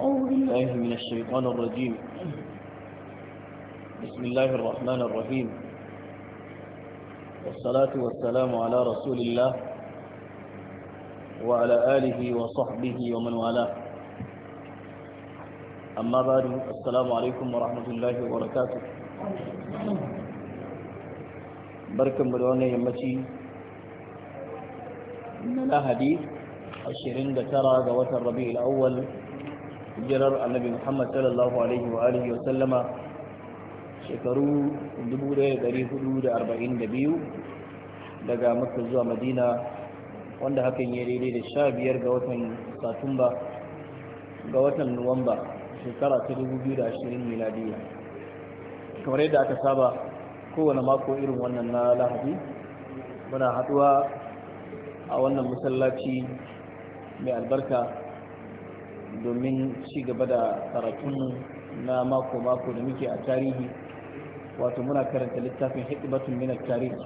أعوذ بالله من الشيطان الرجيم بسم الله الرحمن الرحيم والصلاة والسلام على رسول الله وعلى آله وصحبه ومن والاه أما بعد السلام عليكم ورحمة الله وبركاته بركة ملوانا يمتي من نعم. الأحاديث الشرين ga جوات الربيع الأول hijirar annabi muhammad sallallahu alaihi wa alihi wa sallama shekaru 1442 daga makka zuwa madina wanda hakan ya daidai da sha biyar ga watan satumba ga watan nuwamba shekara ta 2020 miladiya kamar yadda aka saba kowane mako irin wannan na lahadi muna haduwa a wannan masallaci mai albarka domin ci gaba da karatunmu na mako-mako da muke a tarihi wato muna karanta littafin hikimatun minar tarihi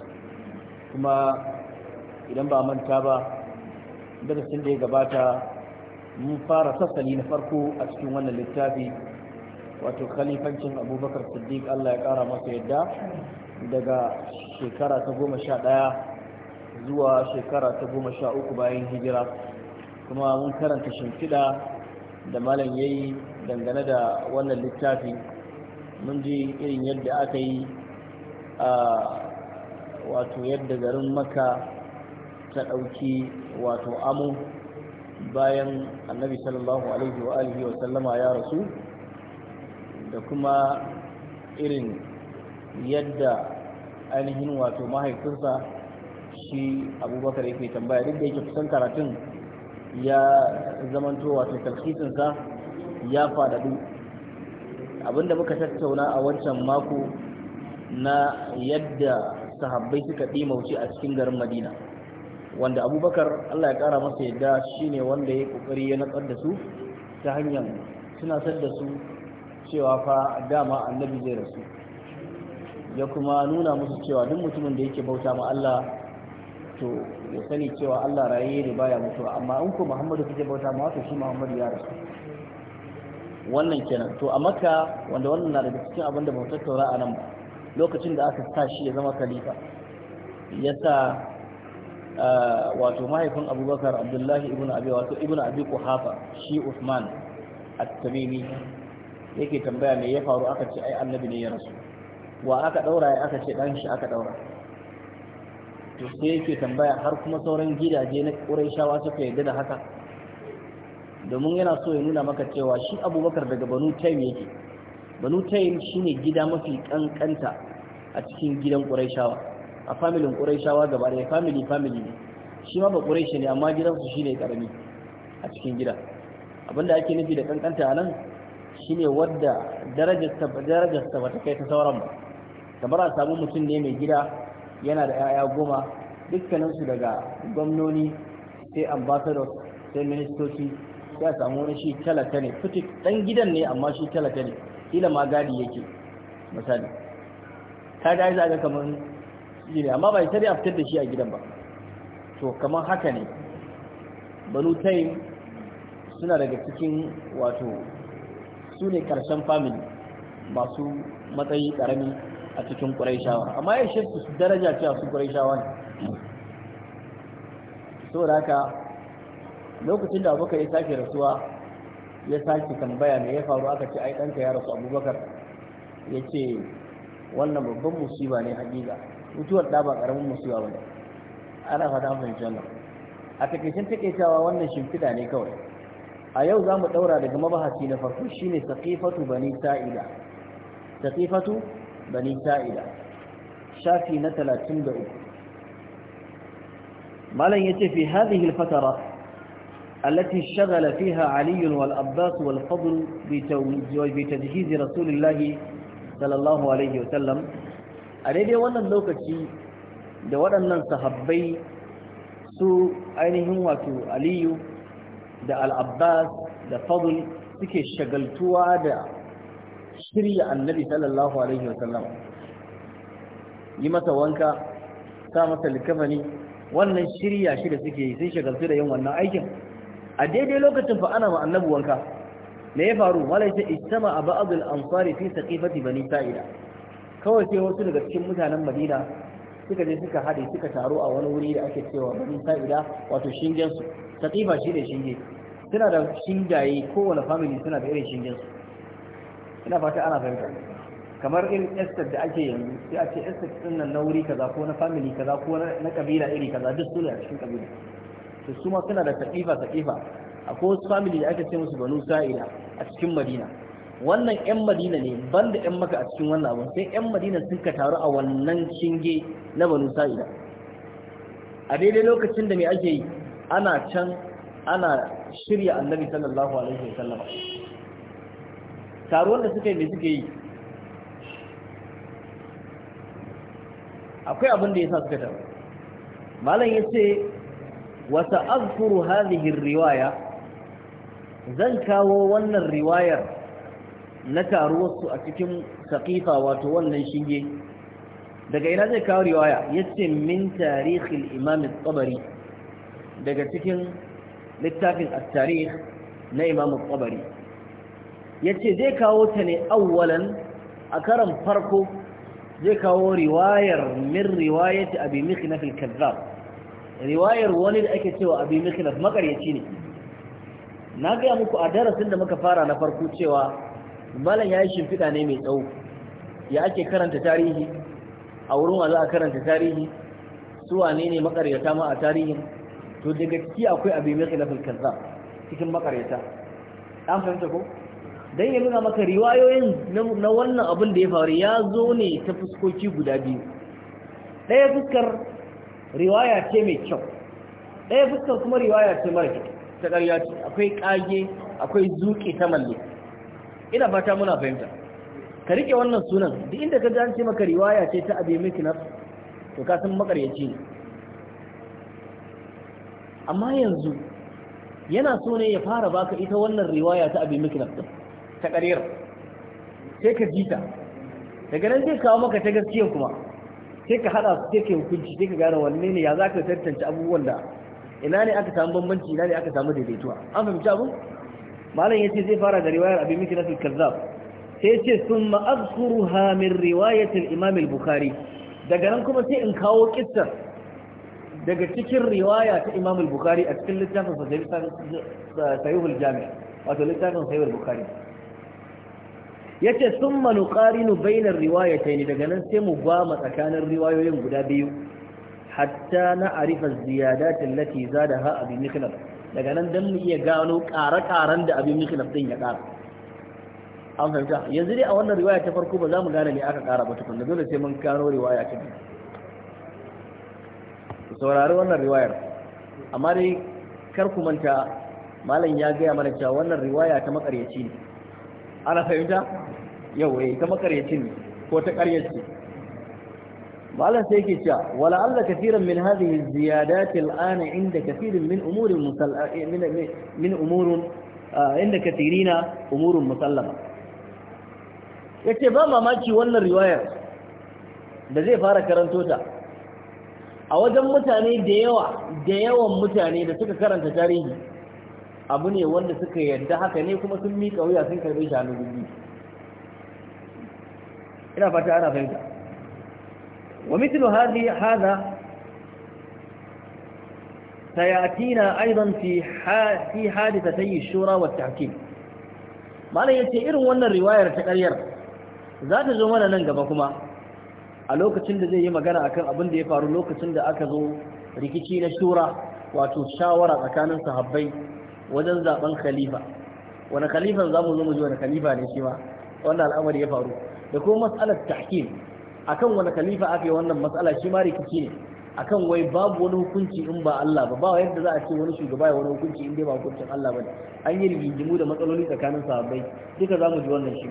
kuma idan ba manta ba darasin da ya gabata mun fara sassali na farko a cikin wannan littafi wato khalifancin abubakar siddiq allah ya kara masa yadda daga shekara ta goma sha ɗaya zuwa shekara ta goma sha uku bayan hijira kuma mun karanta shimfiɗa da malam ya yi dangane da wannan littafi mun ji irin yadda aka yi a wato yadda garin maka ta ɗauki wato amu bayan annabi sallallahu alaihi wa alihi wa sallama ya rasu da kuma irin yadda ainihin wato mahaifinsa shi abubakar yake tambaya duk da yake kusan karatun ya zamanto wato talhisinsa ya faɗaɗu abinda muka tattauna a wancan mako na yadda sahabbai suka ɗimauce a cikin garin madina wanda abubakar allah ya ƙara masa yadda shine wanda ya ƙoƙari ya natsar da su ta hanyar tunatar da su cewa fa dama annabi zai rasu ya kuma nuna musu cewa duk mutumin da yake bauta ma allah to ya sani cewa Allah raye ne baya mutuwa amma in ko Muhammadu kake bauta ma wato shi Muhammadu ya rasu wannan kenan to a Makka wanda wannan na daga cikin abin da ba tattaura a nan ba lokacin da aka sa shi ya zama khalifa ya sa wato mahaifin Abubakar Abdullahi ibn Abi wato ibn Abi shi Usman at-Tamimi yake tambaya me ya faru aka ce ai annabi ne ya rasu wa aka daura ya aka ce dan shi aka daura to sai yake tambaya har kuma sauran gidaje na ƙuraishawa suka yarda da haka domin yana so ya nuna maka cewa shi abubakar daga banu taim yake banu taim shine gida mafi kankanta a cikin gidan ƙuraishawa a familin ƙuraishawa gaba ɗaya family family ne shi ma ba ƙuraishe ne amma gidansu shine karami a cikin gida abinda ake nufi da kankanta a nan shine wadda darajarsa ba ta kai ta sauran ba kamar a samu mutum ne mai gida yana da 'ya'ya goma dukkaninsu daga gwamnoni sai ambassador sai ministoci sai a samu wani shi talaka ne fitik dan gidan ne amma shi talaka ne kila ma gadi yake misali ta ga za ga kamar shi amma bai sai a fitar da shi a gidan ba to kamar haka ne banu tai suna daga cikin wato su ne karshen family masu matsayi karami a cikin ƙuraishawa amma ya shirku su daraja cewa su ƙuraishawa ne da haka lokacin da abubakar ya sake rasuwa ya sake tambaya me ya faru aka ce ai ɗanka ya rasu abubakar ya ce wannan babban musiba ne hakika mutuwar ɗa ba ƙaramin musiba ba ne ana fata an fahimci wannan a takaicin takaitawa wannan shimfiɗa ne kawai a yau za mu ɗaura daga mabahasi na farko shine saqifatu bani sa'ida saqifatu bani sa'ida shafi na 33 malam yace fi hadhihi al-fatara التي اشتغل فيها علي والأباس والفضل بتجهيز رسول الله صلى الله عليه وسلم أريدي وانا da waɗannan sahabbai su ainihin wato aliyu da al'abbas da fadl suke shagaltuwa da shirya annabi sallallahu alaihi wasallam yi masa wanka sa masa likafani wannan shirya shi da suke yi sun shagaltu da yin wannan aikin a daidai lokacin fa ana ma annabi wanka me ya faru malai ita istama a ba'adul ansari fi saqifati bani sa'ida kawai sai wasu daga cikin mutanen madina suka je suka haɗe suka taro a wani wuri da ake cewa bani sa'ida wato shingen su saqifa shi ne shinge suna da shingaye kowane family suna da irin shingen su ina fata ana fahimta kamar irin estate da ake yanzu sai a ce estate din nan na wuri kaza ko na family kaza ko na kabila iri kaza duk su ne a cikin kabila to su ma suna da taqifa taqifa akwai wasu family da ake ce musu banu sa'ila a cikin madina wannan yan madina ne ban da yan maka a cikin wannan abun sai yan madina sun ka taru a wannan shinge na banu sa'ila a daidai lokacin da me ake yi ana can ana shirya annabi sallallahu alaihi wasallam taruwan da suka yi mai suka yi akwai abin da ya sa suka taru malam ya ce wata azkuru halihin riwaya zan kawo wannan riwayar na taruwarsu a cikin saƙifa wato wannan shinge daga ina zai kawo riwaya ya ce min tarihin imamin tsabari daga cikin littafin a tarihi na imamin tsabari Ya ce zai kawo ta ne Auwalan a karan farko zai kawo riwayar min abin abi na al-kazzab riwayar wani da ake cewa abin abi na makaryaci ne na gaya muku a darasin da muka fara na farko cewa malam yi shimfiɗa ne mai tsawo ya ake karanta tarihi a wurin wa a karanta tarihi su wane ne makaryata ma a tarihin to daga ciki akwai abi na al za cikin makaryata an fahimta ko dan ya nuna maka riwayoyin na wannan abin da ya faru ya zo ne ta fuskoki guda biyu ɗaya fuskar riwaya ce mai kyau ɗaya fuskar kuma riwaya ce mara kyau ta ƙarya ce akwai ƙage akwai zuƙi ta malle ina fata muna fahimta ka riƙe wannan sunan duk inda ka ce maka riwaya ce ta mai mikinar to ka san makaryaci ne amma yanzu yana so ne ya fara baka ita wannan riwaya ta Abin mai din ta ƙaryar sai ka ji ta daga nan zai kawo maka ta gaskiyar kuma sai ka haɗa su sai ka hukunci sai ka gane wanne ne ya za ka tantance abubuwan da ina ne aka samu bambanci ina ne aka samu daidaituwa an fahimci abu malam ya ce zai fara da riwayar abin miki nasu kazzab sai ce sun ma'azkuru ha min riwayatul imam al-bukhari daga nan kuma sai in kawo kissar daga cikin riwaya ta imam al-bukhari a cikin littafin sahihul Jami'a. wato littafin sahihul bukhari yace summa nuqarinu bainar riwayatayn daga nan sai mu gwama tsakanin riwayoyin guda biyu hatta na arifa ziyadat allati zadaha abi mikhlab daga nan dan mu iya gano ƙare-ƙaren da abi mikhlab din ya ƙara an fahimta yanzu dai a wannan riwaya ta farko ba za mu gane me aka ƙara ba tukunna dole sai mun gano riwaya ta biyu ku saurari wannan riwayar amma dai kar ku manta malam ya gaya mana cewa wannan riwaya ta makaryaci ne ana fahimta yau yi eh, ta makaryacin ko ta karyace malam sai yake cewa wala alla kathiran min hadhihi ziyadat al'an inda kathirin min umurin musallama eh, min min umurun ah, inda kathirina umurun musallama yace ba mamaki wannan riwayar da zai fara karanto ta a wajen mutane da yawa da yawan mutane da suka karanta tarihi abu ne wanda suka yadda haka ne kuma sun miƙa wuya sun karɓi shanu gudu ina fata ana fahimta wa mitlu hadhi hadha sayatina aidan fi fi hadithatay shura wa tahkim mana yace irin wannan riwayar ta ƙaryar za ta zo mana nan gaba kuma a lokacin da zai yi magana akan abin da ya faru lokacin da aka zo rikici na shura wato shawara tsakanin sahabbai wajen zaben khalifa wani khalifan za mu zo mu ji wani khalifa ne shi ma wannan al'amari ya faru da kuma matsalar tahkim akan wani khalifa aka yi wannan matsala shi ma rikici ne akan wai babu wani hukunci in ba Allah ba ba yadda za a ce wani shugaba ya wani hukunci in dai ba hukuncin Allah ba an yi rigingimu da matsaloli tsakanin sahabbai duka za mu ji wannan shi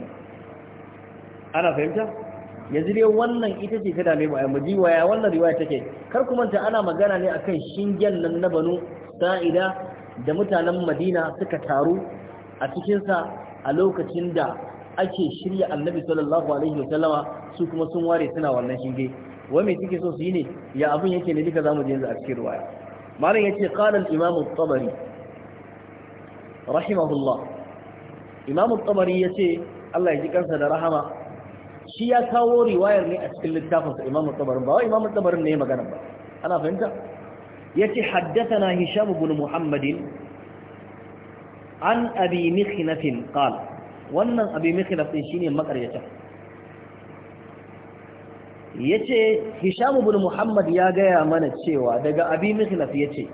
ana fahimta yanzu dai wannan ita ce ta dame mu mu ji waya wannan riwaya take kar ku manta ana magana ne akan shingen nan na banu sa'ida da mutanen madina suka taru a cikinsa a lokacin da ake shirya annabi sallallahu alaihi wa wasallama su kuma sun ware suna wannan shinge wai mai suke so su yi ne ya abin yake ne duka zamu je yanzu a cikin ruwaya malam yace qala al imam at-tabari rahimahullah imam at-tabari yace Allah ya ji kansa da rahama shi ya kawo riwayar ne a cikin littafinsa imam at-tabari ba wai imam at-tabari ne magana ba ana fahimta yace haddathana hisham ibn muhammadin an abi mikhnaf qala wannan abi mikhnaf din shine makaryata yace hisham ibn muhammad ya gaya mana cewa daga abi mikhnaf yace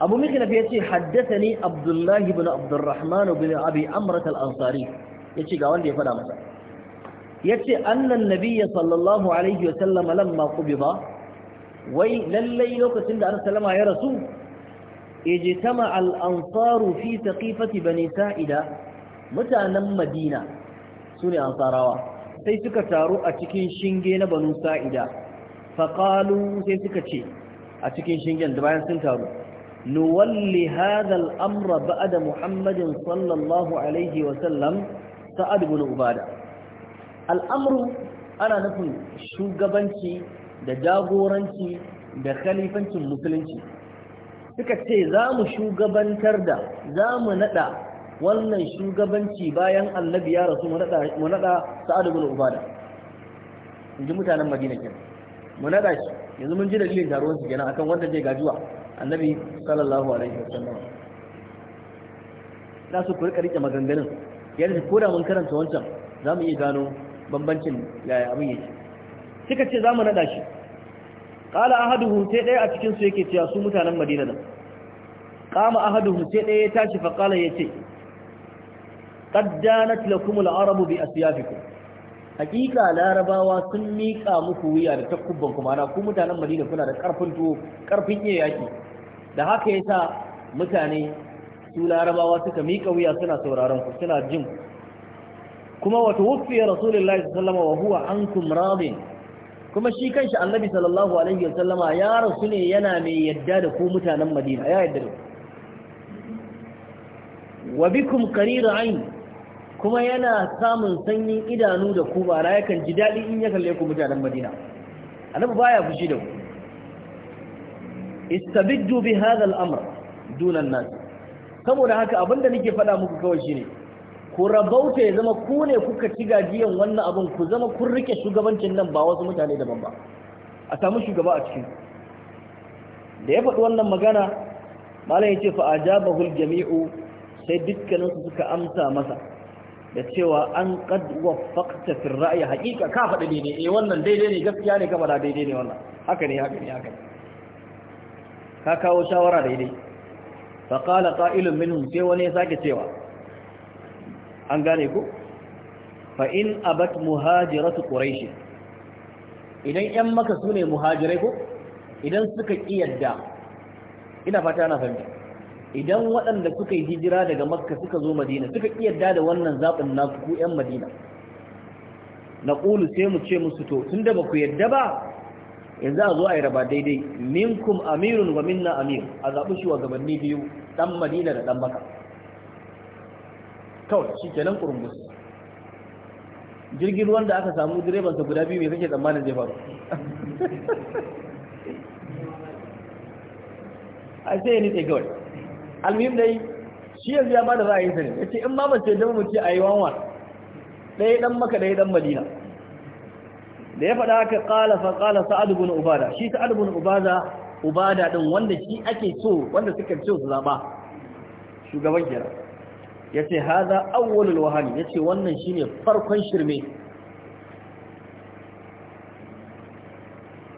abu mikhnaf yace haddathani abdullah ibn abdurrahman ibn abi amrat al-ansari yace ga wanda ya fada masa yace annan nabiyyi sallallahu alaihi wasallam lamma qubida wai lallai lokacin da salama ya rasu ijtama al-ansaru fi taqifati bani sa'ida mutanen madina sune ansarawa sai suka taru a cikin shinge na banu sa'ida faqalu sai suka ce a cikin shingen da bayan sun taru nuwalli hadha al-amra ba'da muhammadin sallallahu alaihi wa sallam sa'ad ibn ubada al-amru ana nufin shugabanci da jagoranci da khalifancin musulunci suka ce za mu shugabantar da za mu nada wannan shugabanci bayan annabi ya rasu mu nada sa'ad ibn ubada inji mutanen madina ke mu nada shi yanzu mun ji da dalilin taruwan su kenan akan wanda zai gajuwa annabi sallallahu alaihi wasallam na su ku rika rike maganganun yadda ko da mun karanta wancan za mu iya gano bambancin yaya abin yake suka ce za mu naɗa shi ƙala ahaduhum sai ɗaya a cikinsu yake cewa su mutanen madina nan ƙama ahaduhum sai ɗaya ya tashi faƙala ya ce ƙaddana lakumul arabu bi asiyafikum hakika larabawa sun miƙa muku wuya da takubban kuma na ku mutanen madina kuna da ƙarfin tuwo ƙarfin iya yaƙi da haka ya sa mutane su larabawa suka miƙa wuya suna sauraron ku suna jin kuma wata wufiyar rasulullahi sallallahu alaihi Salama wa huwa ankum radin kuma shi kanshi annabi sallallahu alaihi wasallama ya rasu ne yana mai yadda da ku mutanen madina ya yadda da ku wa bikum qarir ayn kuma yana samun sanyin idanu da ku ba yakan ji dadi in ya kalle ku mutanen madina annabi baya fushi da ku istabiddu bi hadha al-amr duna nas saboda haka abinda nake faɗa muku kawai shine ku rabauta ya zama ku ne kuka ci gajiyan wannan abin ku zama kun rike shugabancin nan ba wasu mutane daban ba a samu shugaba a cikin da ya faɗi wannan magana malam ya ce fa ajabahul jami'u sai dukkanin su suka amsa masa da cewa an qad waffaqta fi ra'yi haqiqa ka faɗi daidai eh wannan daidai ne gaskiya ne gaba daidai ne wannan haka ne haka ne haka ne ka kawo shawara daidai fa qala qa'ilun minhum sai wani ya sake cewa an gane ku fa in abat muhajiratu quraish idan ƴan maka sune muhajirai ko idan suka kiyarda ina fata ana fahimta idan waɗanda suka yi hijira daga makka suka zo madina suka kiyarda da wannan zaɓin nasu ku ƴan madina na ƙulu sai mu ce musu to tun da ba ku yadda ba yanzu a zo a yi raba daidai minkum amirun wa minna amir a zaɓi shugabanni biyu ɗan madina da ɗan maka kawai shi ke nan kurungus jirgin ruwan da aka samu direbansa guda biyu mai kake tsammanin zai faru a sai ya nitse kawai almuhim dai shi yanzu ya ba da ra'ayinsa ne ya ce in ma mace da mu a yi wanwa ɗaya ɗan maka ɗaya ɗan madina da ya faɗa haka ƙala fa ƙala sa'ad ibn ubada shi sa'ad ibn ubada ubada din wanda shi ake so wanda suka ce su zaɓa shugaban kenan Ya yace hadha awwalul wahani ce wannan shine farkon shirme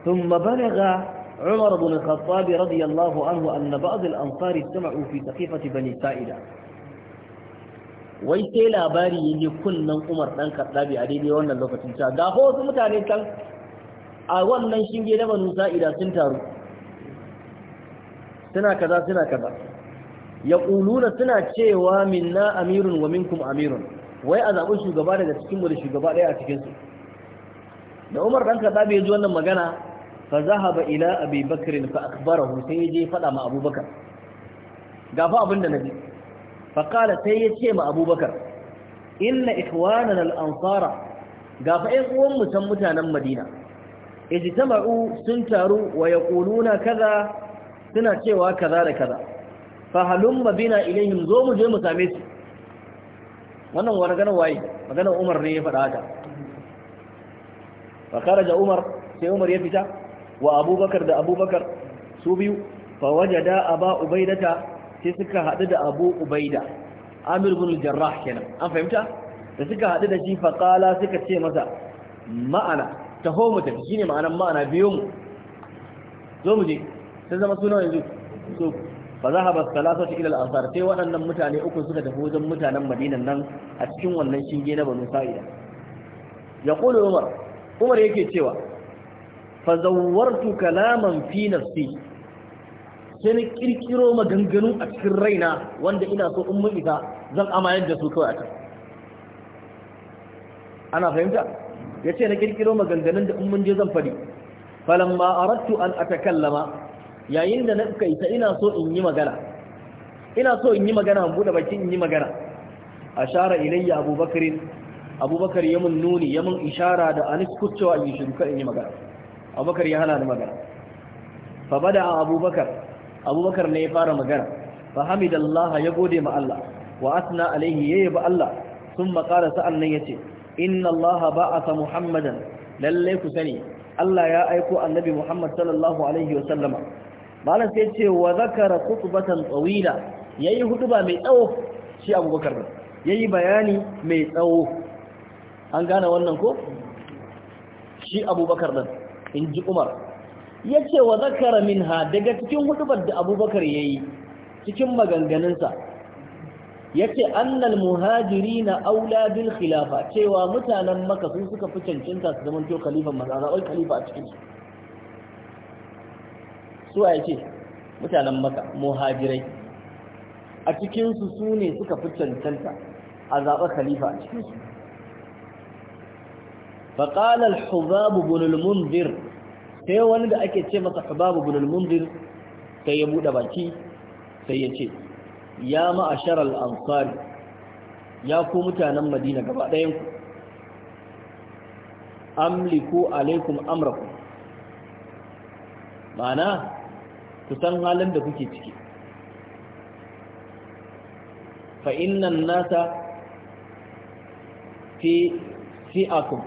thumma ga Umar ibn Khattab radiyallahu anhu anna ba'd al-ansari istama'u fi saqifati bani Sa'ida wai sai labari yaje kunnan Umar ɗan Khattabi a daidai wannan lokacin ta ga wasu mutane kan a wannan shinge da banu Sa'ida sun taru suna kaza suna kaza yaquluna suna cewa min na amirun wa minkum amirun wai a zaɓi shugaba daga cikin mu da shugaba ɗaya a cikinsu. da Umar dan Khattab ya ji wannan magana fa zahaba ila Abi Bakr fa akhbarahu sai ya je faɗa ma Abubakar gafa abin da naji fa qala sai ya ce ma Abubakar inna ikhwanana al-ansara gafa ɗan uwan mu san mutanen Madina ijtama'u sun taru wa yaquluna kaza suna cewa kaza da kaza fahalun mabina ilayhim zo mu je mu same su wannan wa maganar waye maganar umar ne ya faɗa haka fa kharaja umar sai umar ya fita wa abubakar da abubakar su biyu fa wajada aba ubaidata sai suka haɗu da abu ubaida amir bin jarrah kenan an fahimta da suka haɗu da shi fa qala suka ce masa ma'ana taho mu tafi shine ma'anan ma'ana biyo mu zo mu je sai zama suna yanzu so fa zahaba salasatu ila al-ansar sai waɗannan mutane uku suka tafi wajen mutanen Madinan nan a cikin wannan shinge na Banu Sa'ida yaqulu Umar Umar yake cewa fa zawwartu kalaman fi nafsi sai na kirkiro maganganu a cikin raina wanda ina so in mun isa zan amayar da su kawai a ana fahimta yace na kirkiro maganganun da in mun je zan fadi falamma aradtu an atakallama yayin da na ta ina so in yi magana ina so in yi magana bude bakin in yi magana ashara ilayya abubakar abubakar ya mun nuni ya mun ishara da anis kucewa in shiru kan in yi magana abubakar ya hana ni magana fa bada abubakar abubakar ne ya fara magana fa hamidallah ya gode ma Allah wa asna alayhi ya yaba Allah thumma qala sa'annan yace inna Allah ba'atha muhammadan lalle ku sani Allah ya aiko annabi Muhammad sallallahu alaihi wa sallama malam sai ce wa zakara khutbatan tawila yayi hutuba mai tsawo shi abubakar yayi bayani mai tsawo an gane wannan ko shi abubakar din in ji umar yace wa zakara minha daga cikin hutubar da abubakar yayi cikin maganganunsa yace annal muhajirina aula bil khilafa cewa mutanen makka sun suka fi cancanta su zaman to khalifan manzo khalifa a cikin su su a yake mutanen maka muhajirai a cikinsu su ne suka fi cancanta a zaɓar khalifa a cikinsu faƙalar hubabu bunulmun bir sai wani da ake ce masa hubabu bunulmun bir sai ya buɗe baki sai ya ce ya ma'ashar al'amfari ya ku mutanen madina gaba ɗayanku amliku alaikum amrakum ma'ana ku san halin da kuke ciki fa innan nasa fi fi'akum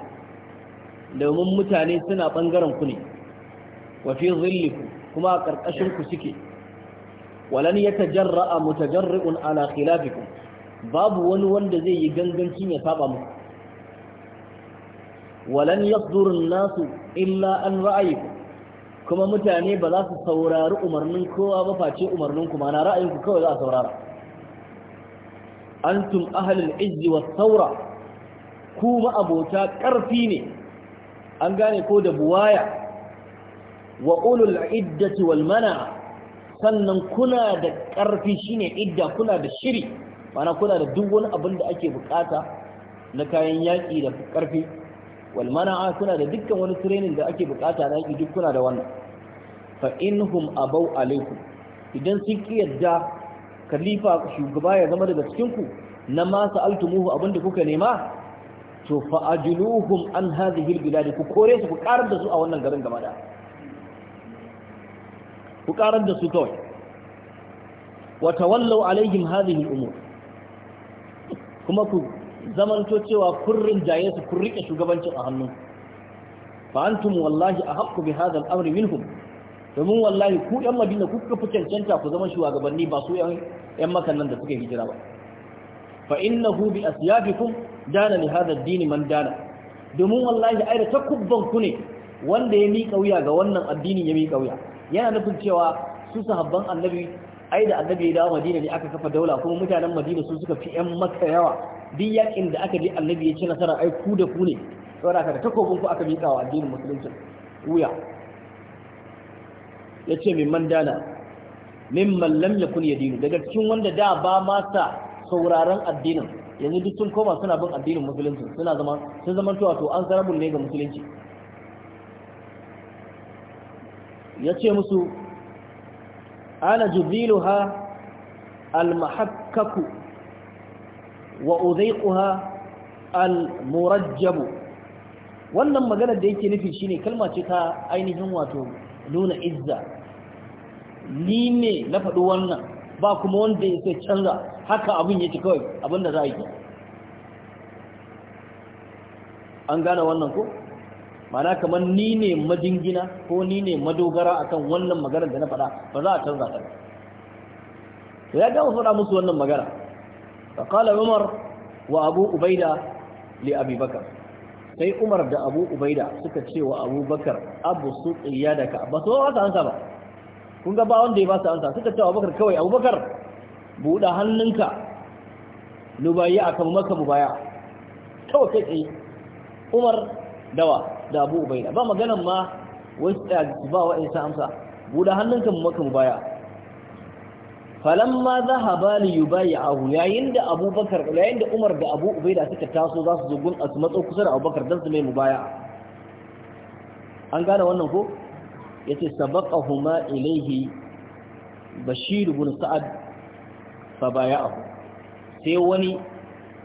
domin mutane suna bangaren ku ne wa fi zilliku kuma a karkashin ku suke walan yatajarra'a mutajarri'un ala khilafikum babu wani wanda zai yi gangancin ya saba muku walan yasdurun nasu illa an ra'ayikum kuma mutane ba za su saurari umarnin kowa ba face umarnin ku mana ra'ayinku kawai za a saurara antum ahlul izzi was saura ku ma abota karfi ne an gane ko da buwaya wa ulul iddati wal mana sannan kuna da karfi shine idda kuna da shiri mana kuna da duk wani abin da ake bukata na kayan yaki da karfi wal mana'a suna da dukkan wani training da ake bukata na yi duk kuna da wannan fa inhum abau alaikum idan sun ki yadda khalifa shugaba ya zama daga cikin ku na ma altumuhu abinda kuka nema to fa ajluhum an hadhihi albilad ku kore su ku karar da su a wannan garin gaba da ku karar da su kawai wa tawallu alaihim hadhihi al'umur umur kuma ku zamanto cewa kurrin jaye su kun rike shugabancin a hannun fa antum wallahi ahqqu bi hadha al-amri minhum domin wallahi ku yan madina ku kuka fi cancanta ku zama shugabanni ba su yan yan makannan da suke hijira ba fa innahu bi asyabikum dana li hadha ad-din man dana domin wallahi ai da takubban ku ne wanda ya mika wuya ga wannan addinin ya miƙa wuya yana nufin cewa su sahabban annabi ai da annabi ya dawo madina ne aka kafa daula kuma mutanen madina su suka fi yan maka yawa duk yakin da aka je annabi ya ci nasara ai ku da ku ne saboda ka ta takobin ku aka mika wa addinin musulunci wuya ce min man dana lam yakun yadinu daga cikin wanda da ba ma sa sauraron addinin yanzu duk sun koma suna bin addinin musulunci suna zama sun zama to wato an zarabun ne ga musulunci Ya ce musu ana jubiluha almahakkaku wa udhiquha almurajjabu wannan magana da yake nufi shine kalma ce ta ainihin wato nuna izza ni ne na faɗi wannan ba kuma wanda ya sai canza haka abin yake kawai abinda da za a yi an gane wannan ko mana kamar ni ne majingina ko ni ne madogara akan wannan maganar da na faɗa ba za a canza ta ba to ya gama faɗa musu wannan magana fa qala umar wa abu ubaida li abi bakar sai umar da abu ubaida suka ce wa abubakar abu su iyadaka ba so haka ansa ba kun ga ba wanda ya ba su ansa suka ce wa abubakar kawai abubakar buɗa hannunka nubayi akan maka mubaya kawai kai umar dawa da abu ubaida ba maganan ma wasu ba wa'insa amsa buɗe hannunka mu maka mu baya falamma zahaba li yubayi'ahu yayin da abubakar yayin da umar da abu ubaida suka taso za su zo gun su matso kusa da abubakar dan su mai mubaya'a an gane wannan ko yace sabaqahuma ilayhi bashir ibn sa'ad fa baya'ahu sai wani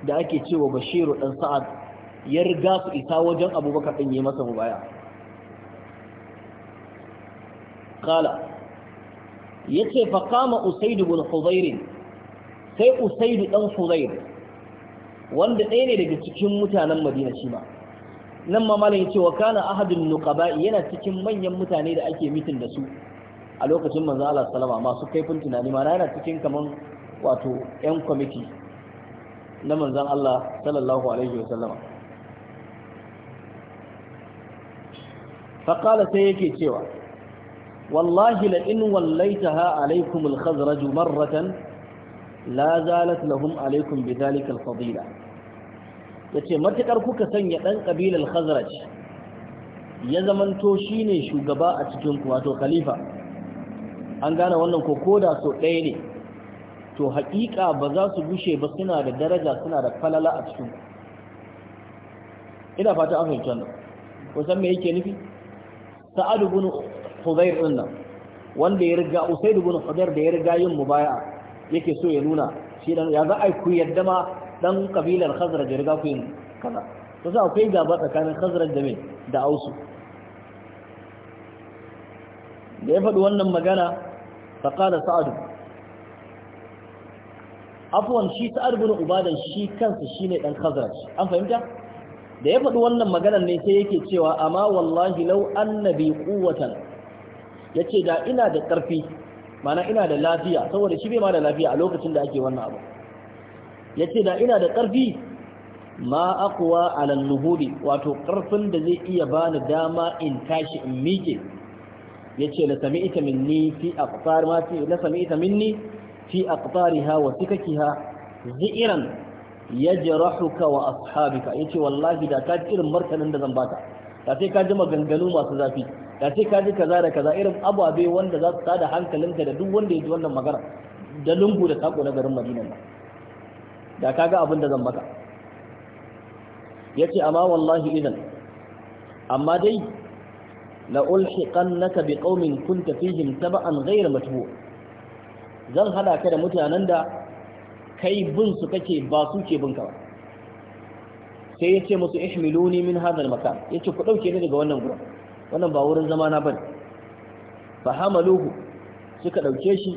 da ake cewa bashiru dan sa'ad ya riga su isa wajen abubakar ɗin yi masa mubaya kala ya ce fa kama usaidu bin huzairin sai usaidu ɗan huzair wanda ɗaya ne daga cikin mutanen madina shi ma nan ma ya ce wa kana ahadun nuqaba'i yana cikin manyan mutane da ake mitin da su a lokacin manzo Allah sallama masu kaifin tunani ma yana cikin kaman wato yan kwamiti na manzon Allah sallallahu alaihi wa sallama faƙala sai yake cewa wallahi la in wallaitaha alaikum al-khazraj marratan la zalat lahum alaikum bidhalika al-fadila yace matakar kuka sanya dan kabilar khazraj ya zamanto shine shugaba a cikin ku wato khalifa an gane wannan ko koda so ɗaya ne to haƙiƙa ba za su bushe ba suna da daraja suna da falala a cikin ina fata an fahimci wannan ko me yake nufi Sa'adu bin Hudayr din nan wanda ya riga Usayd bin Hudayr da ya riga yin mubaya'a yake so ya nuna shi dan ya za a ku yadda ma dan kabilar Khazraj ya riga ku yin kaza kusa akwai gaba tsakanin Khazraj da me da Ausu da ya faɗi wannan magana fa qala sa'ad afwan shi sa'ad bin Ubadan shi kansa shine dan Khazraj an fahimta da ya faɗi wannan maganar ne sai yake cewa amma wallahi lau annabi quwwatan yace da ina da ƙarfi mana ina da lafiya saboda shi bai ma da lafiya a lokacin da ake wannan abu yace da ina da ƙarfi ma aqwa ala wato ƙarfin da zai iya bani dama in tashi in miƙe yace la sami'ta minni fi aqtar ma fi la sami'ta minni fi aqtariha wa sikakiha zi'ran Ya yajrahuka wa ashabika yace wallahi da ka irin martanin da zan baka da sai ka ji maganganu masu zafi da sai ka ji kaza da kaza irin ababe wanda za su tada hankalinka da duk wanda ya ji wannan magana da lungu da sako na garin Madina da ka ga abin da zan maka ce amma wallahi idan amma dai la ulhiqannaka biqaumin kunta fihim taban ghayra matbu zan hada ka da mutanen da kai bin su kake ba su ke bin ka ba sai ya ce musu ihmiluni min hadal makan ya ce ku ɗauke ni daga wannan gurin wannan ba wurin zama na bane fa hamaluhu suka ɗauke shi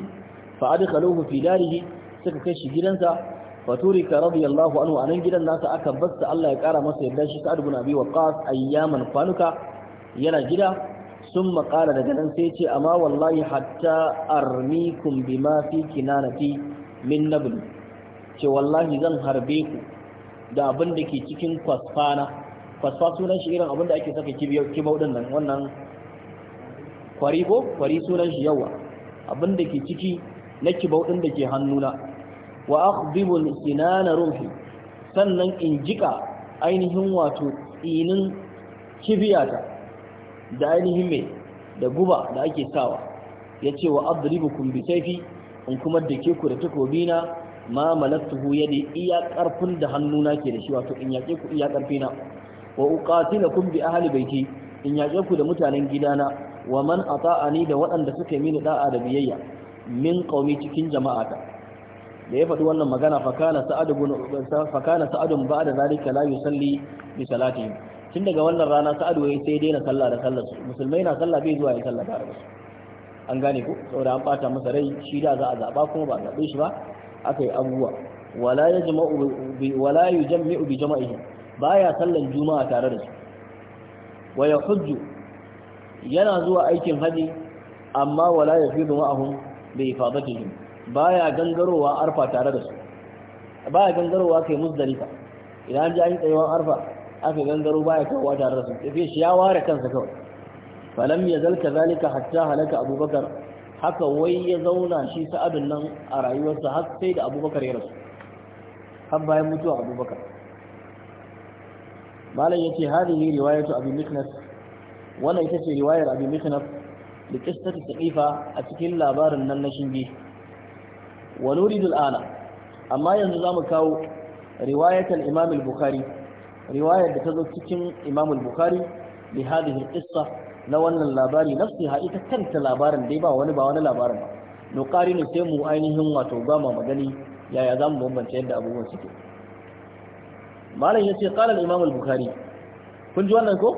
fa adkhaluhu fi darihi suka kai shi gidansa fa turika radiyallahu anhu anan gidan nasa aka basta Allah ya kara masa yadda shi sa'ad ibn abi waqas ayyaman kwanuka yana gida Sun qala daga nan sai ce amma wallahi hatta armikum bima fi kinanati min nabli ce wallahi zan harbe ku da abin da ke cikin kwasfana kwasfa sunan shi irin abin da ake saka kibau din nan wannan kwari ko kwari sunan shi yawa abin da ke ciki na kibau din da ke hannuna wa akhdhibul sinana ruhi sannan in jika ainihin wato tsinin kibiyata da ainihin mai da guba da ake sawa yace wa adribukum bi sayfi in kuma dake ku da takobina ma malaktuhu yadi iya karfin da hannuna ke da shi wato in yaƙe ku iya karfina wa uqatilakum bi ahli baiti in yaƙe ku da mutanen gidana wa man ata'ani da waɗanda suka yi mini da'a da biyayya min qaumi cikin jama'ata da ya faɗi wannan magana fakana sa'ad ibn fa kana sa'ad ba'da zalika la yusalli bi salatihi tun daga wannan rana sa'ad wai sai daina sallah da sallar musulmai na sallah bai zuwa ya sallah da an gane ku saboda an bata masa rai shi da za a zaba kuma ba a zabe shi ba aka yi abubuwa wala ya jama'u bi wala yujammi'u bi jama'ihi ya sallan juma'a tare da su wa hujju? yana zuwa aikin haji amma wala yafidu ma'ahum bi Ba ya gangarowa arfa tare da su Ba ya gangarowa kai muzdalifa idan ji an yi tsayuwar arfa aka gangaro baya kawowa tare da su tafiye shi ya ware kansa kawai falam yazal kadhalika hatta halaka abubakar haka wai ya zauna shi sa'adun nan a rayuwarsa har sai da abubakar ya rasu har bayan mutuwa abubakar malam ya ce hadihi riwayatu abi miknas wannan ita ce riwayar abi miknas da kistata saqifa a cikin labarin nan na shinge wa nuridu al'ana amma yanzu zamu kawo riwayatar imam al-bukhari riwayar da ta zo cikin imam al-bukhari li hadhihi alqissa na wannan labari nafsiha ita kanta labarin dai ba wani ba wani labarin ba nuqarinu sai mu ainihin wato ba ma magani yaya za mu bambance yadda abubuwan suke malam ya ce qala al-imam al kun ji wannan ko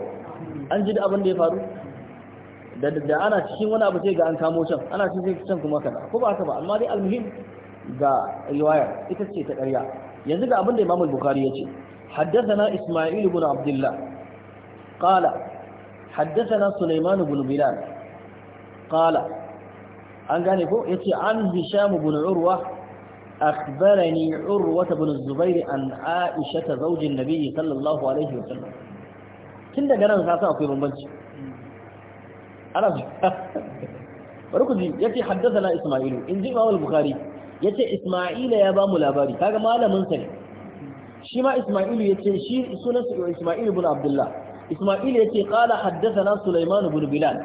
an ji da abin da ya faru da da ana cikin wani abu sai ga an kamo can ana cikin can kuma kaza ko ba haka ba amma dai ga riwaya ita ce ta ƙarya yanzu ga abin da imam al ya ce حدثنا na Isma'il عبد الله قال حدثنا سليمان بن بلال قال an gane ko ya ce an hisham bin urwa akhbarani urwa bin zubair an aisha ta zaujin nabi sallallahu alaihi wa sallam tun daga nan ka sa akwai bambanci ana bari ku ji yace haddathana isma'il ya bamu labari kaga malamin sai. ne shi ma isma'il yace shi sunan bin abdullah Isma'il ya ce qala haddasa Sulaiman bin Bilal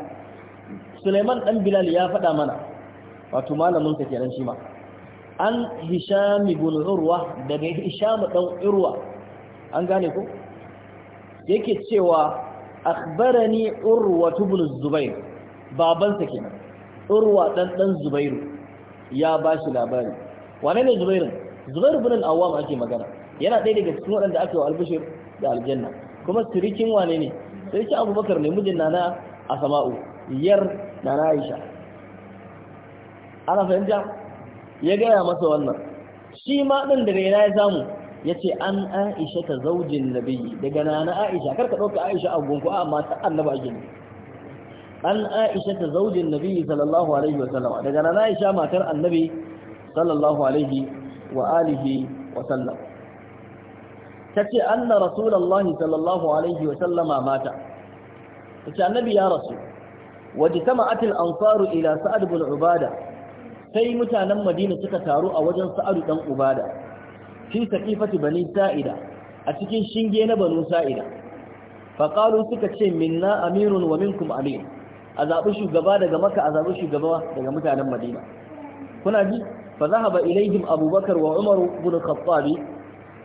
Sulaiman dan Bilal ya faɗa mana wato malamin sa kenan shi ma an Urwa daga Urwa an gane ko yake cewa akhbarani Urwa ibn Babansa kenan Urwa dan Zubairu ya bashi labari wane ne Zubairu Zubairu ibn al ake magana yana ɗaya daga cikin waɗanda aka yi wa albishir da aljanna kuma sirikin wane ne sirikin abubakar ne mijin nana asama'u yar nana aisha ana fahimta ya gaya masa wannan shi ma ɗin da rena ya samu ya ce an aisha ta zaujin nabi daga nana aisha karka ɗauka aisha a gunku a ta annaba a ne an aisha ta zaujin nabi sallallahu alaihi wa sallama daga nana aisha matar annabi sallallahu alaihi wa alihi wa sallam tace anna rasulullahi sallallahu alaihi wa sallama mata tace annabi ya rasu wajtama'at al-ansaru ila sa'ad ibn ubada sai mutanen madina suka taru a wajen sa'ad dan ubada fi saqifati bani sa'ida a cikin shinge na banu sa'ida faqalu suka ce minna amirun wa minkum amir a zaɓi shugaba daga maka a zaɓi shugaba daga mutanen madina kuna ji fa zahaba ilaihim abubakar wa umar ibn khattabi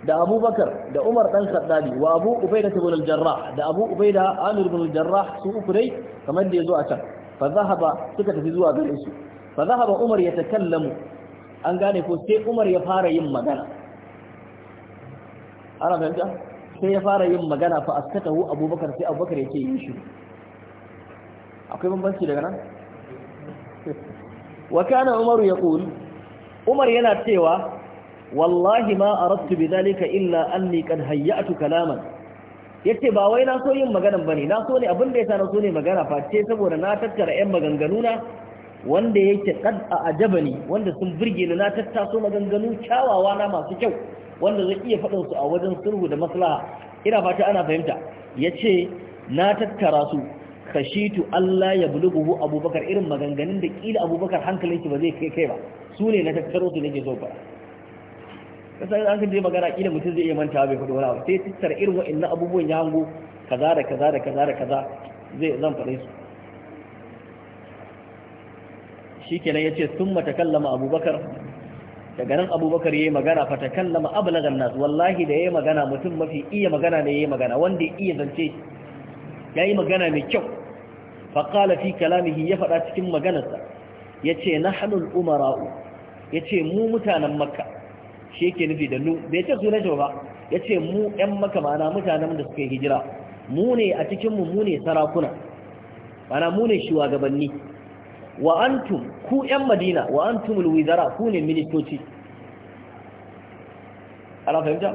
da Abu Bakar da Umar dan Khattabi wa Abu Ubaida ibn al-Jarrah da Abu Ubaida Amir ibn al-Jarrah su uku dai kamar da yazo a can fa zahaba suka tafi zuwa gare su fa zahaba Umar ya takallamu an gane ko sai Umar ya fara yin magana ana fahimta sai ya fara yin magana fa askatahu Abu Bakar sai Abu Bakar yake yin shi akwai bambanci daga nan wa kana Umar yaqul Umar yana cewa wallahi ma aradtu bidhalika illa anni qad hayya'tu kalaman yace ba wai na so yin maganan bane na so ne abin da yasa na so ne magana face saboda na tattara ƴan maganganu na wanda yake a ajabani wanda sun burge ni na tattaso maganganu kyawawa na masu kyau wanda zai iya faɗin su a wajen sulhu da maslaha ina fata ana fahimta yace na tattara su kashitu Allah ya bulughu Abubakar irin maganganun da kila Abubakar hankalinki ba zai kai kai ba su ne na tattaro su nake so ba. kasan an kan je magana kila mutum zai iya manta bai faɗi wani abu sai tattara irin wa'annan abubuwan ya hango kaza da kaza da kaza da kaza zai zan faɗe su ya ce sun matakallama abubakar daga nan abubakar ya yi magana fa takallama ablagan nas wallahi da ya yi magana mutum mafi iya magana ne ya yi magana wanda ya iya zance ya yi magana mai kyau faƙala fi kalamihi ya faɗa cikin maganarsa ya ce na hannun umara'u ya ce mu mutanen makka shi yake nufi da nu bai ce sunan shi ba ya ce mu ‘yan maka mana mutanen da suka yi hijira mu ne a cikinmu mu ne sarakuna mana mu ne shugabanni wa antum ku ‘yan madina wa antum wizara ku ne ministoci ala fahimta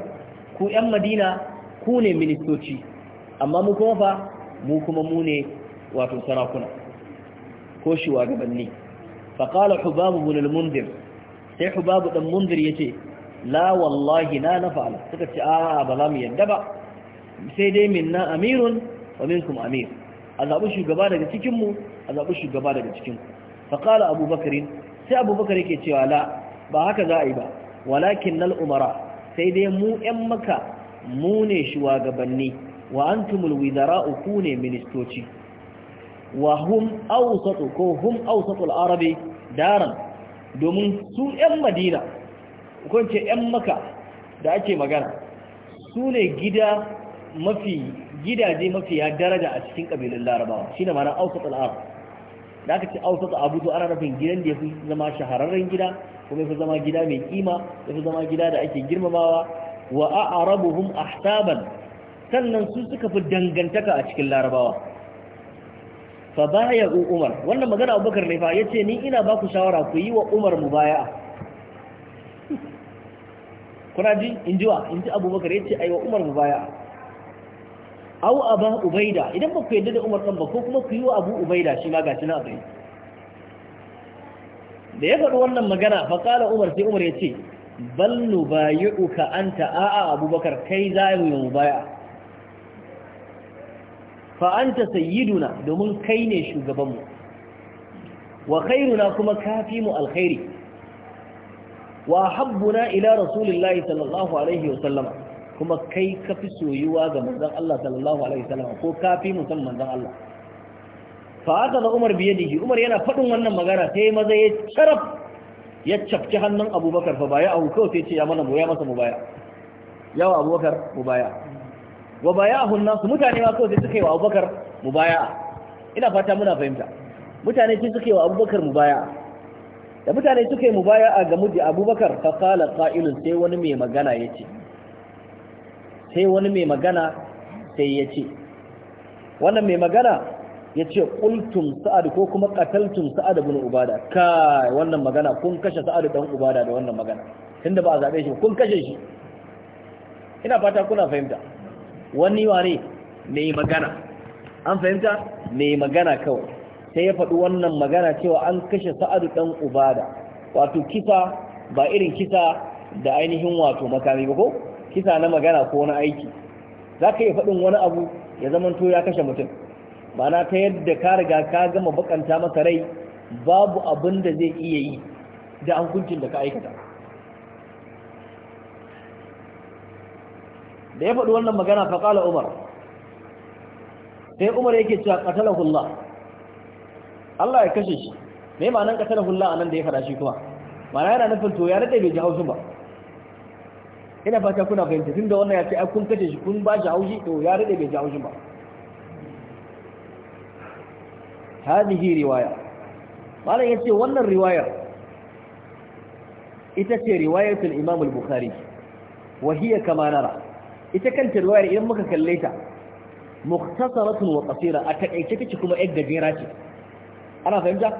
ku ‘yan madina ku ne ministoci amma mu kuma fa mu kuma mu ne wato sarakuna ko shugabanni faƙala hubabu bin mundir sai hubabu ɗan mundir ya ce la wallahi na nafa'ala suka ce a ba za mu yadda ba sai dai minna amirun wa minkum amir a zaɓi shugaba daga cikinmu a zaɓi shugaba daga cikinku. ku abubakar sai abubakar yake cewa la ba haka za a yi ba walakin nal umara sai dai mu 'yan maka mu ne shugabanni wa antumul wizara uku ne ministoci wa hum awsatu ko hum awsatul Al'arabi, daran domin su 'yan madina hukunce 'yan maka da ake magana su ne gida mafi gidaje mafi ya daraja a cikin ƙabilun larabawa shi ne mana ausat al'abu da aka ce ausat abu ana nufin gidan da ya fi zama shahararren gida kuma ya fi zama gida mai kima ya fi zama gida da ake girmamawa wa a'arabuhum ahsaban sannan su suka fi dangantaka a cikin larabawa fa baya umar wannan magana abubakar ne fa yace ni ina baku shawara ku yi wa umar mubaya'a kuna ji in jiwa in ji abubakar ya ce aiwa umar mu baya au aba ubaida idan ba ku yadda da umar ɗan ba ko kuma ku yi wa abu ubaida shi ma gashi na abai da ya faɗi wannan magana faƙala kala umar sai umar ya ce ba uka an anta a'a abubakar kai za mu yi mu baya fa sayi sayyiduna domin kai ne shugabanmu wa khairuna kuma kafi mu alkhairi wa habbuna ila rasulillahi sallallahu alaihi wa sallama kuma kai ka fi soyuwa ga manzon Allah sallallahu alaihi wa sallama ko ka fi musan manzon Allah fa haka da Umar biye diki Umar yana faɗin wannan magana sai maza ya sharaf ya cafki hannun Abubakar fa baya abu kawai sai ce ya mana boya masa mubaya yawa Abubakar mubaya wa baya an-nas mutane ma kawai sai suka yi wa Abubakar mubaya ina fata muna fahimta mutane sai suka yi wa Abubakar mubaya da mutane suka yi a ga mudi abubakar fa ƙa'ilun sai wani mai magana ya ce, sai wani mai magana sai ya ce, wannan mai magana ya ce ƙultun sa'ad ko kuma ƙataltun sa'ad bin ubada kai wannan magana kun kashe sa'ad ɗan ubada da wannan magana inda ba a zaɓe shi kun kashe shi ina fata kuna fahimta wani wane mai magana an fahimta mai magana kawai sai ya faɗi wannan magana cewa an kashe sa'adu ɗan ubada wato kisa ba irin kisa da ainihin wato makami ba ko kisa na magana ko na aiki za ka iya faɗin wani abu ya to ya kashe mutum ma'ana ta yadda ka riga ka gama bakanta masa rai babu abin da zai iya yi da hukuncin da ka aikata da ya faɗi wannan magana faƙala umar sai umar yake cewa ƙatalahullah Allah ya kashe shi me ma'anar kasar hulla anan da ya fara shi kuma ma'ana yana nufin to ya rade bai ji haushin ba ina fata kuna fahimta tun da wannan ya ce ai kun kashe shi kun ba shi haushi to ya rade bai ji haushin ba hadihi riwaya malam yace wannan riwayar ita ce riwayatul imam al-bukhari wa hiya kama nara ita kanta riwayar idan muka kalle ta mukhtasaratun wa qasira a takaice take kuma yadda gajera ce ana fahimta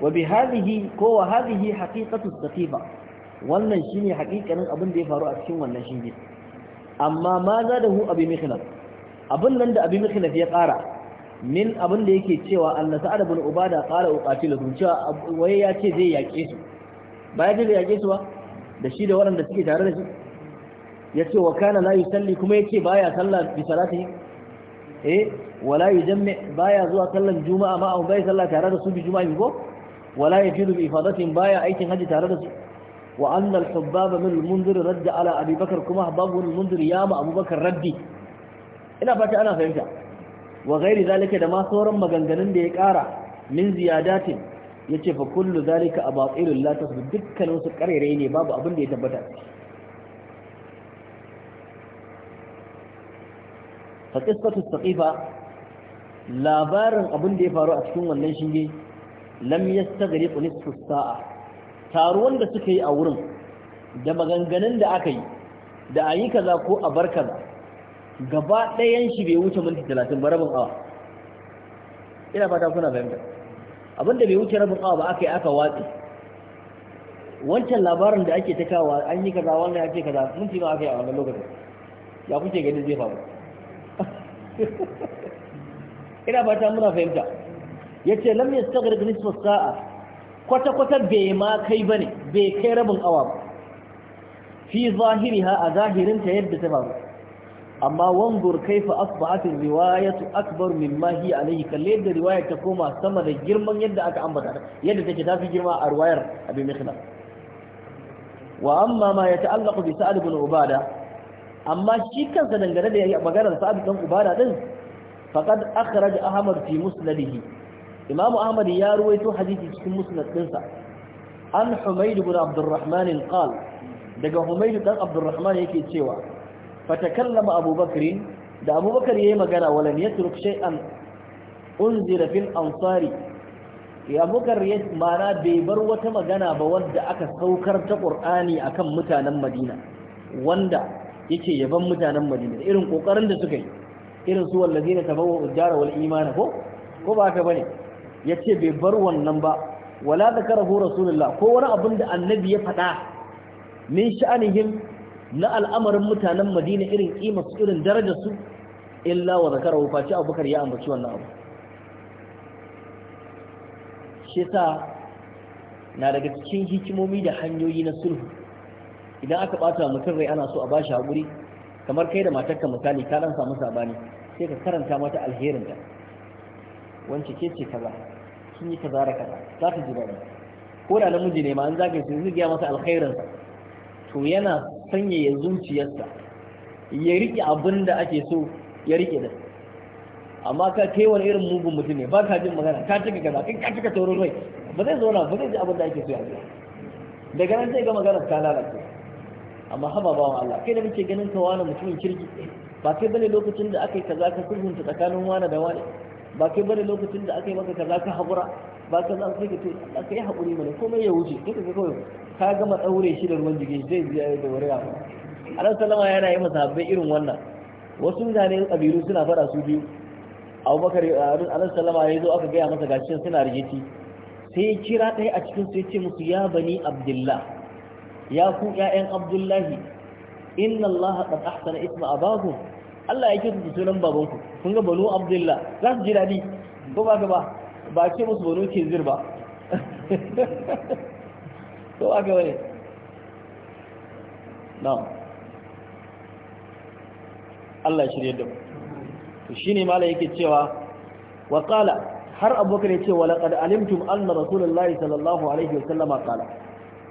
wa bi hadhihi ko wa hadhihi haqiqatu wannan shine haƙiƙanin abin da ya faru a cikin wannan shinge amma ma za da hu abi mikhlaf abin nan da abi mikhlaf ya ƙara min abin da yake cewa Allah sa'ad ibn ubada qala uqatiluhum cewa waye ya ce zai yaƙe su baya zai yaƙe su ba da shi da waɗanda suke tare da shi ya ce wa kana la yusalli kuma ya ce baya sallah bi salatihi eh wala yujammi baya zuwa sallan juma'a ma bai sallah tare da su bi juma'a ko wala yajidu bi ifadatin baya aikin haji tare da su wa anna al-hubbab min al-mundhir radda ala abi bakr kuma hubbab al-mundhir ya ma abu bakr raddi ina fata ana fahimta wa ghairi zalika da ma sauran maganganun da ya kara min ziyadatin yace fa kullu zalika abatilul la tasbu dukkan wasu karere ne babu abin da ya tabbata fa qissatu saqifa labarin abin da ya faru a cikin wannan shinge lam yastagrib nisfu sa'a taruwan da suka yi a wurin da maganganun da aka yi da ayi kaza ko a barka gaba ɗayan shi bai wuce minti 30 ba rabin awa ina fata kuna fahimta da bai wuce rabin awa ba aka yi aka watsi wancan labarin da ake ta kawo an yi kaza wannan ya ce kaza minti ma aka yi a wannan lokacin ya kuke gani zai faru ina ba ta muna fahimta ya ce lam ya stagar nisfa sa'a kwata-kwata bai ma kai ba ne bai kai rabin awa ba fi zahiri ha a zahirinta yadda ta faru amma wanzur kaifa riwaya su akbar mahi a alayhi kalle yadda riwaya ta koma sama da girman yadda aka ambata yadda take tafi girma a ruwayar abin mikhla wa amma ma yata'allaqu bi sa'd ibn ubada amma shi kansa dangane da maganar sa'ad dan ubada din faqad akhraj ahmad fi musnadihi imam ahmad ya ruwaito hadisi cikin musnad dinsa an humayd ibn abdurrahman qal daga humayd dan abdurrahman yake cewa fatakallama abubakar da abubakar yayi magana walam yatruk shay'an unzira fil ansari ya abubakar ya mana bai bar wata magana ba wanda aka saukar ta qur'ani akan mutanen madina wanda yake yaban mutanen madina irin kokarin da suka yi irin su wallazina tabawwa ujjara wal imana ko ko ba ka bane yace bai bar wannan ba wala hu rasulullah ko wani abin da annabi ya faɗa min sha'anihim na al'amarin mutanen madina irin kima su irin darajar su illa wa zakarahu faci abubakar ya ambaci wannan abu shi sa na daga cikin hikimomi da hanyoyi na sulhu idan aka bata mutum rai ana so a bashi haƙuri kamar kai da matarka misali ka dan samu sabani sai ka karanta mata alherin da wance ke ce kaza sun yi kaza da kaza za ta ji daɗi ko da namiji ne ma an zagaye su zai gaya masa sa to yana sanyaya zuciyarsa ya rike abin da ake so ya rike da amma ka kai wani irin mugun mutum ne ba ka jin magana ka cika kaza kai ka cika taurin rai ba zai zauna ba zai ji abin da ake so ya ji daga nan sai ga maganar ta lalace amma haba bawan Allah kai da muke ganin ka wani mutumin kirki ba kai bane lokacin da aka yi kaza ka sulhunta tsakanin wani da wani ba kai bane lokacin da aka yi maka kaza ka haƙura ba ka zan sai ka ce ka yi haƙuri mana komai ya wuce kai ka kawai ka gama ɗaure shi da ruwan jiki zai biya da wariya ba Allah sallama yana yi masahabbai irin wannan wasu gane kabilu suna fara su biyu abubakar Allah sallama ya zo aka gaya masa gashin suna rigiti sai ya kira ɗaya a cikin sai ce musu ya bani abdullah ya ku ƴaƴan abdullahi inna allaha qad ahsana isma abahu Allah ya da sunan babanku kun ga banu abdullah za su ji daɗi ko ba ka ba ba ce musu banu kinzir ba ko ba ka bane na'am Allah ya shirye da mu to shine mala yake cewa wa qala har abubakar ya ce wa laqad alimtum anna rasulullahi sallallahu alaihi wa sallama qala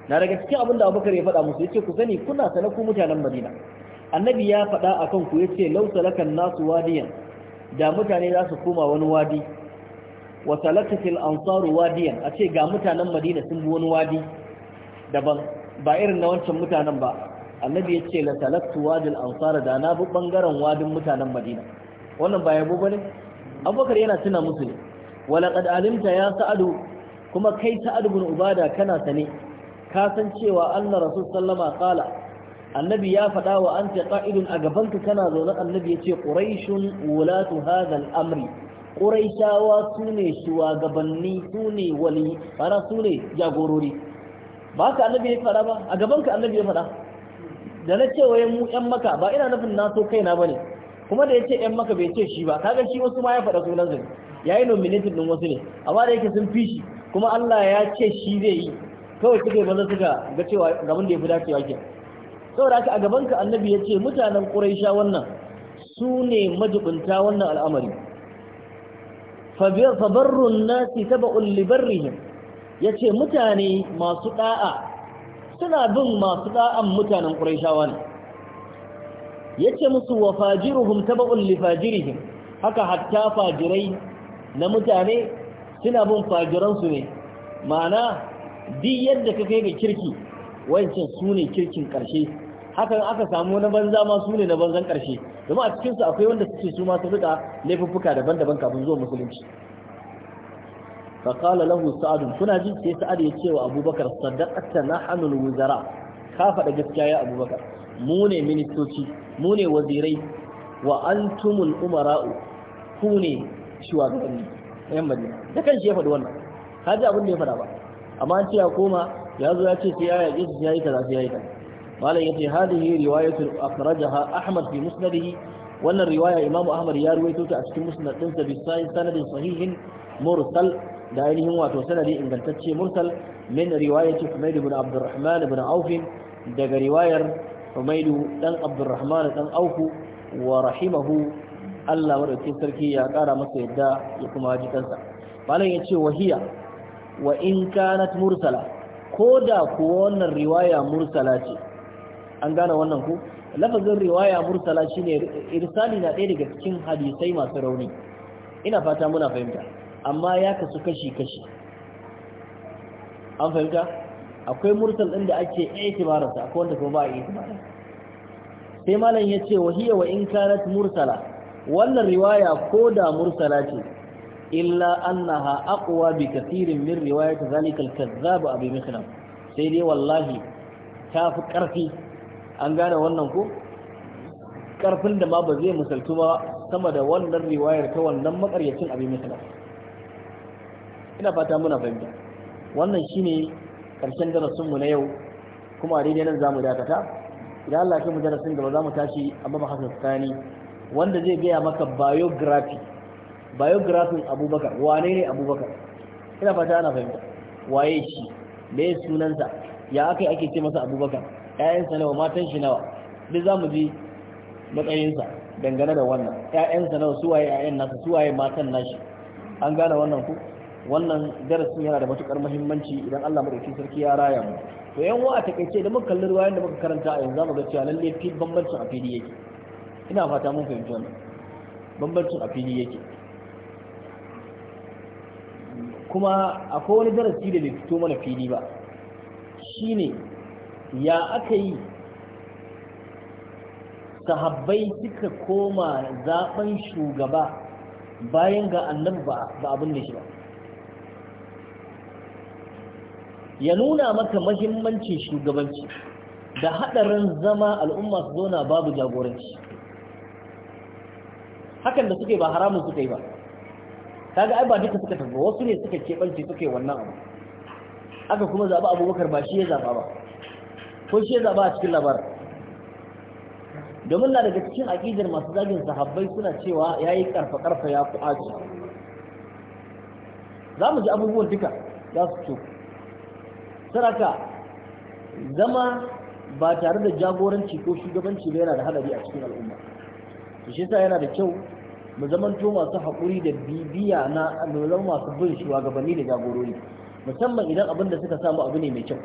na daga cikin abin da abubakar ya faɗa musu yace ku sani kuna sana ku mutanen madina annabi ya faɗa akan ku yace law salakan nasu wadiyan da mutane za su koma wani wadi wa salakatil ansaru wadiyan a ce ga mutanen madina sun bi wani wadi daban ba irin na wancan mutanen ba annabi ya ce la salaktu wadil ansara da na bi bangaren wadin mutanen madina wannan ba yabo bane abubakar yana tuna musu ne wala qad alimta ya sa'adu kuma kai sa'ad ibn ubada kana sane ka san cewa Allah rasul sallama kala annabi ya faɗa wa anta qa'idun a gabanka kana zaune annabi yace quraishun wulatu hadha al-amri su ne shugabanni ne wali fara ne jagorori ba ka annabi ya faɗa ba a gabanka annabi ya faɗa da na cewa mu yan maka ba ina nufin na so kaina bane kuma da yace yan maka bai ce shi ba kaga shi wasu ma ya faɗa sunan zai yayi nominated din wasu ne amma da yake sun fi shi kuma Allah ya ce shi zai yi kawai suka yi maza suka ga cewa gaban da ya fi dacewa ke saboda haka a gabanka annabi ya ce mutanen ƙuraisha wannan su ne majibinta wannan al'amari fabarrun nasi taba'un libarrihim ya ce mutane masu ɗa'a suna bin masu ɗa'an mutanen ƙuraishawa ne ya ce musu wa fajiruhum taba'un lifajirihim haka hatta fajirai na mutane suna bin fajiransu ne ma'ana duk yadda ka kai ga kirki wancan su ne kirkin ƙarshe hakan aka samu na banza ma su ne na banzan ƙarshe domin a cikinsu akwai wanda suke su ma su rika laifuffuka daban-daban kafin zuwa musulunci sa'ad kuna ji sai sa'ad ya ce wa abubakar بكر صدقت نحن wuzara ka faɗa gaskiya ya Abubakar? mu ne ministoci mu ne wazirai wa antumul umara'u ku ne shugabanni yan madina da kan shi ya faɗi wannan kaji abin da ya faɗa ba amma an ce ya koma ya zo ya ce sai ya yi su ya yi kaza sai ya yi kaza malam yace hadihi riwayatu akhrajaha ahmad fi musnadihi wannan riwaya imamu ahmad ya ruwaito ta a cikin musnad din sa bi sanadin sahihin mursal da ainihin wato sanadi ingantacce mursal min riwayati humayd ibn abdurrahman ibn auf daga riwayar humayd dan abdurrahman dan auf wa rahimahu Allah madaukakin sarki ya kara masa yadda ya kuma ji kansa malam yace wahiya wa in kanat mursala ko da kuwa wannan riwaya mursala ce an gane wannan ku lafazin riwaya mursala shine irsali na ɗaya daga cikin hadisai masu rauni ina fata muna fahimta amma ya kasu kashi kashi an fahimta akwai mursal ɗin da ake itibararsa akwai wanda kuma ba a itibararsa sai malam ya ce wa hiya wa in kanat mursala wannan riwaya ko da mursala ce illa annaha aqwa bi kathirin min riwayat zalika al-kazzab sai dai wallahi ta fi karfi an gane wannan ko karfin da ma ba zai misaltu ba sama da wannan riwayar ta wannan makaryacin abi ina fata muna fahimta wannan shine karshen darasin na yau kuma a daidai nan zamu dakata idan Allah ya mu darasin gaba zamu tashi amma ba hasan tsani wanda zai gaya maka biography biographin abubakar wane ne abubakar ina fata ana fahimta waye shi me sunansa ya aka ake ce masa abubakar ƴaƴansa nawa matan shi nawa duk za mu ji matsayinsa dangane da wannan ƴaƴansa nawa suwaye ƴaƴan nasa suwaye matan nashi an gane wannan ku wannan darasin yana da matukar muhimmanci idan Allah madaukakin sarki ya raya mu to yan wa a takeice da muka kalli ruwayan da muka karanta a yanzu zamu ga cewa lalle fi bambancin a fili yake ina fata mun fahimci wannan bambancin a fili yake kuma akwai wani darasi da bai fito mana fili ba shine ya aka yi sahabbai suka koma zaben shugaba bayan ga annabi ba abin da shi ba ya nuna maka mahimmancin shugabanci da haɗarin zama al'umma su zona babu jagoranci hakan da suke ba haramun suka yi ba kaga ai ba duka suka tafi wasu ne suka keɓance suka yi wannan abu aka kuma zaɓi abubakar ba shi ya zaɓa ba ko shi ya zaɓa a cikin labar domin na daga cikin aƙidar masu zagin sahabbai suna cewa ya yi ƙarfa ƙarfa ya ku aji za mu ji abubuwan duka za su ce saraka zama ba tare da jagoranci ko shugabanci ba yana da hadari a cikin al'umma shi yasa yana da kyau mu to masu haƙuri da bibiya na alwalan masu bin shugabanni da jagorori musamman idan abin da suka samu abu ne mai kyau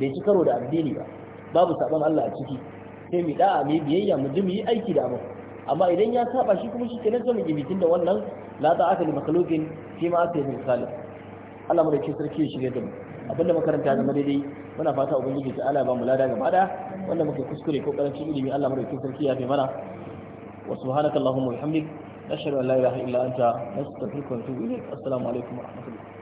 bai ci karo da addini ba babu saban Allah a ciki sai mu da'a mu biyayya mu ji mu yi aiki da abu amma idan ya saba shi kuma shi kenan sai mu gibitin da wannan la ta akali makhluqin fi ma asli min khaliq Allah mu da ke sarki ya ga da mu abinda makaranta zama daidai muna fata ubangiji ta Allah ba mu lada gaba da wanda muke kuskure ko karancin ilimi Allah mu da ke sarki ya fi mana wa allahumma wa bihamdika nashhadu an la ilaha illa anta nastaghfiruka wa natubu ilayk assalamu alaikum wa